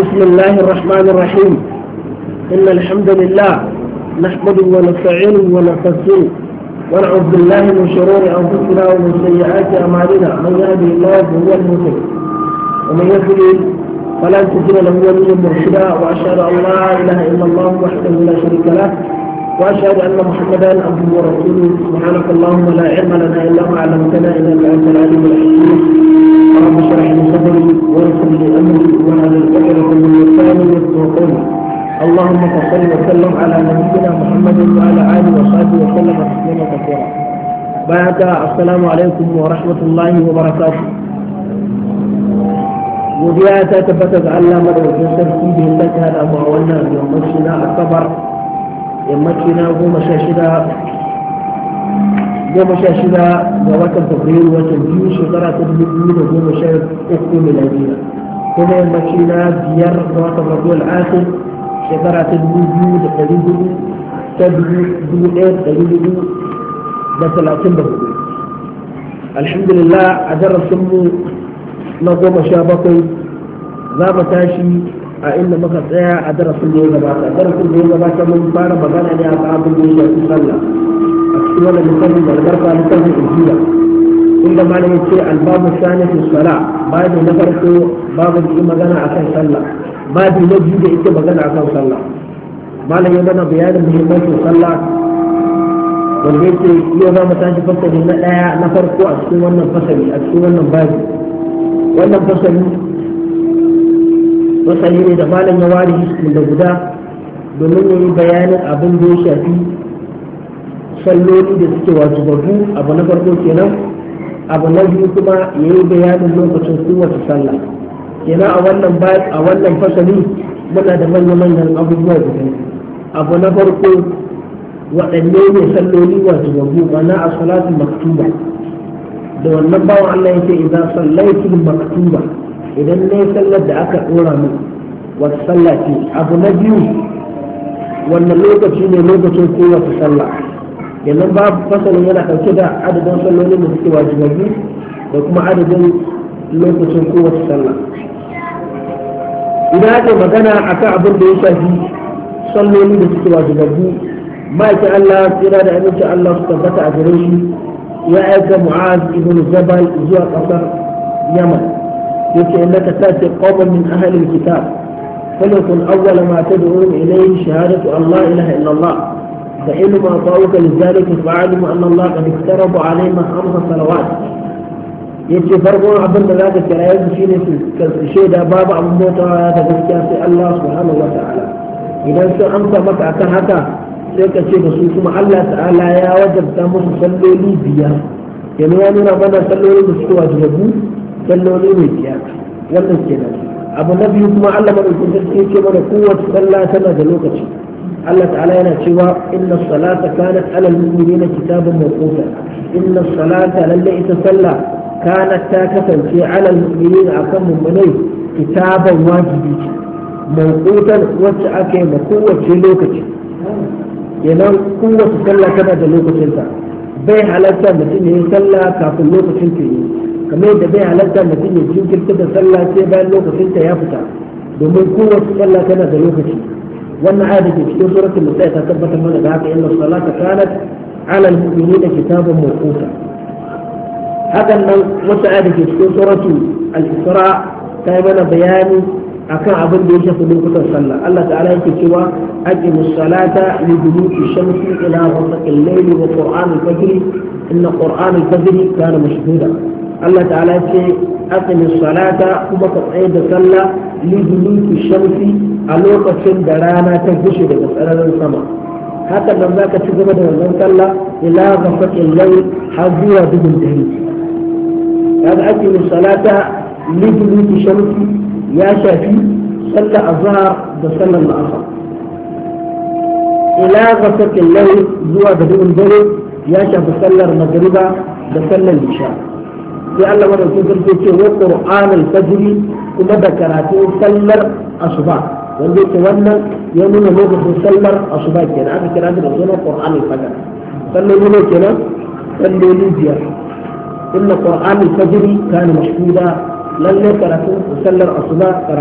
بسم الله الرحمن الرحيم إن الحمد لله نحمده ونستعينه ونستغفره ونعوذ بالله من شرور أنفسنا ومن سيئات أعمالنا من يهده الله فهو المهتد ومن يضلل فلا تجد له وليا مرشدا وأشهد أن لا إله إلا الله وحده لا شريك له وأشهد أن محمدا عبده ورسوله سبحانك اللهم لا علم لنا إلا ما علمتنا إنك أنت العليم الحكيم رب اشرح وسلم تسليما كثيرا بعد السلام عليكم ورحمة الله وبركاته وبيا تتبت على مر وجسر فيه لك هذا ما ولنا يمشينا الصبر يمشينا هو مشاشدا هو مشاشدا جوات التقرير وتنجيو شجرة تبدين هو مشاشد أختي ميلادية هنا يمشينا ديار جوات الرجل العاشر شجرة تبدين هو الحمد لله أجر السمو نقوم شابطي لا بتاشي أئن ما قد أيا أجر السمو نباتا أجر السمو نباتا من بارا بغانا لي أطعاب الله أكتوانا نتبه والبرقى نتبه الجيلة إلا ما نمتشي الباب الثاني في الصلاة بعد نفرته باب الإيمان أكا صلى بعد نجيب إيمان أكا صلى malam ya mana bayanin muhimmancin sallah wanda yake yau za mu tashi fasali na ɗaya na farko a cikin wannan fasali a cikin wannan babi wannan fasali fasali ne da malam ya ware shi da guda domin ya yi bayanin abin da ya shafi salloli da suke wasu babu abu na farko kenan abu na biyu kuma ya yi bayanin lokacin kowace sallah kenan a wannan fasali muna da manya-manyan abubuwa guda abu na farko waɗanne ne salloli wasu gabu mana a salatu maktuba da wannan bawan Allah yake idan sallaitu maktuba idan ne sallar da aka ɗora min wasu sallah abu na biyu wannan lokaci ne lokacin kowace sallah yanzu babu fasalin yana ɗauke da adadin sallolin da suke wajibabi da kuma adadin lokacin kowace sallah idan ake magana akan abin da ya shafi salloli da suke wajibabu ma'aikin Allah tsira da abinci Allah su tabbata a gare shi ya aika mu'az ibn jabal zuwa kasar yaman yace innaka tati qawman min ahli alkitab فليكن أول ما تدعون إليه شهادة الله إله إلا الله فإن ما طاوك لذلك فاعلم أن الله قد اقترب علينا خمس صلوات yace farkon abin da za ka kira yanzu shine su shaida babu abin bautawa ya da gaskiya sai Allah subhanahu wa ta'ala idan sun amsa maka akan haka sai ka ce da su kuma Allah ta'ala ya wajabta musu salloli biyar yanzu ya nuna mana salloli da suke wajibabu salloli ne biyar wannan kenan abu na biyu kuma Allah madaukakin sarki yake mana kowace sallah tana da lokaci Allah ta'ala yana cewa inna salata kanat ala al-mu'minina kitaban mawquta inna salata lalle ita sallah kanat ta kasance ala al-mu'minina akan mummunai kitaban wajibi موقوتا وجعك مقوة في لوكك ينام يعني قوة تسلى كذا في لوكك انت بي حالتا مثل يسلى كافل لوكك انت كما يدى بي حالتا مثل يجيوك انت تسلى كيبا لوكك انت يافتا دومن قوة تسلى كذا في لوكك وانا عادة في سورة المسائة تثبت من الهاتف ان الصلاة كانت على المؤمنين كتابا موقوتا هذا ما وسعى في سورة الإسراء كما بياني akan abin da ya shafi lokutan sallah Allah ta'ala yake cewa aqimu salata li dunuki shamsi ila ghasaqil layli wa qur'an al-fajr inna qur'an al-fajr kana mashhuda Allah ta'ala yake aqimu salata kuma ka tsaya da sallah li dunuki shamsi a lokacin da rana ta gushe daga sararin sama haka nan zaka ci gaba da wannan sallah ila ghasaqil layl har zuwa dubin dare kaga aqimu salata li dunuki shamsi يا شافي صلى الظهر بسلا العصر إلى غسق الليل زوا بدون الظهر يا شافي صلى المغرب بسلا العشاء يا الله ورسول الله صلى الله عليه وسلم قرآن الفجر كما ذكرته صلى الأصبع والذي تولى يمنى نوبه صلى الأصبع كان هذا كلام الرسول قرآن الفجر صلى الله كلام وسلم صلى الليل إن قرآن الفجر كان مشهودا lalle karatun sallar asuba